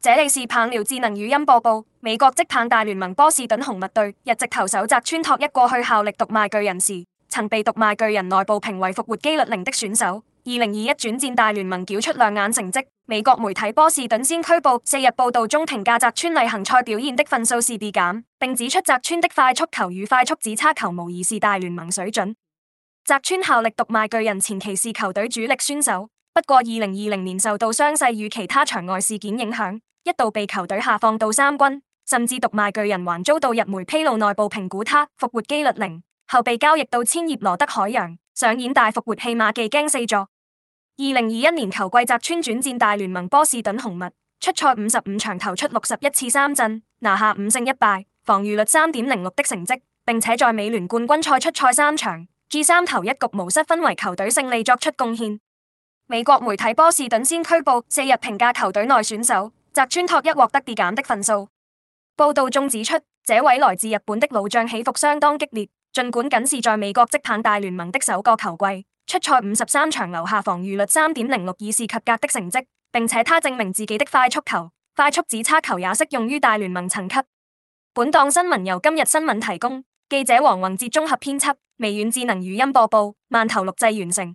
這裏是棒聊智能語音播報。美國職棒大聯盟波士頓紅襪隊日籍投手澤村拓一過去效力讀賣巨人時，曾被讀賣巨人內部評為復活機率零的選手。二零二一轉戰大聯盟繳出亮眼成績。美國媒體波士頓先驅報四日報道中評價澤村例行賽表現的分數是 B 減，並指出澤村的快速球與快速指叉球無疑是大聯盟水準。澤村效力讀賣巨人前期是球隊主力選手，不過二零二零年受到傷勢與其他場外事件影響。一度被球隊下放到三軍，甚至讀賣巨人，還遭到日媒披露內部評估他復活機率零。後被交易到千葉羅德海洋，上演大復活戲碼，技驚四座。二零二一年球季，澤村轉戰大聯盟波士頓紅襪，出賽五十五場，投出六十一次三振，拿下五勝一敗，防禦率三點零六的成績，並且在美聯冠，冠軍賽出賽三場，G 三投一局，無失分，為球隊勝利作出貢獻。美國媒體波士頓先驅報四日評價球隊內選手。澤村拓一獲得跌減的分數。報道中指出，這位來自日本的老將起伏相當激烈。儘管僅是在美國職棒大聯盟的首個球季出賽五十三場，留下防禦率三點零六已是及格，格的成績，並且他證明自己的快速球、快速指叉球也適用於大聯盟層級。本檔新聞由今日新聞提供，記者黃宏哲綜合編輯，微軟智能語音播報，饅頭錄製完成。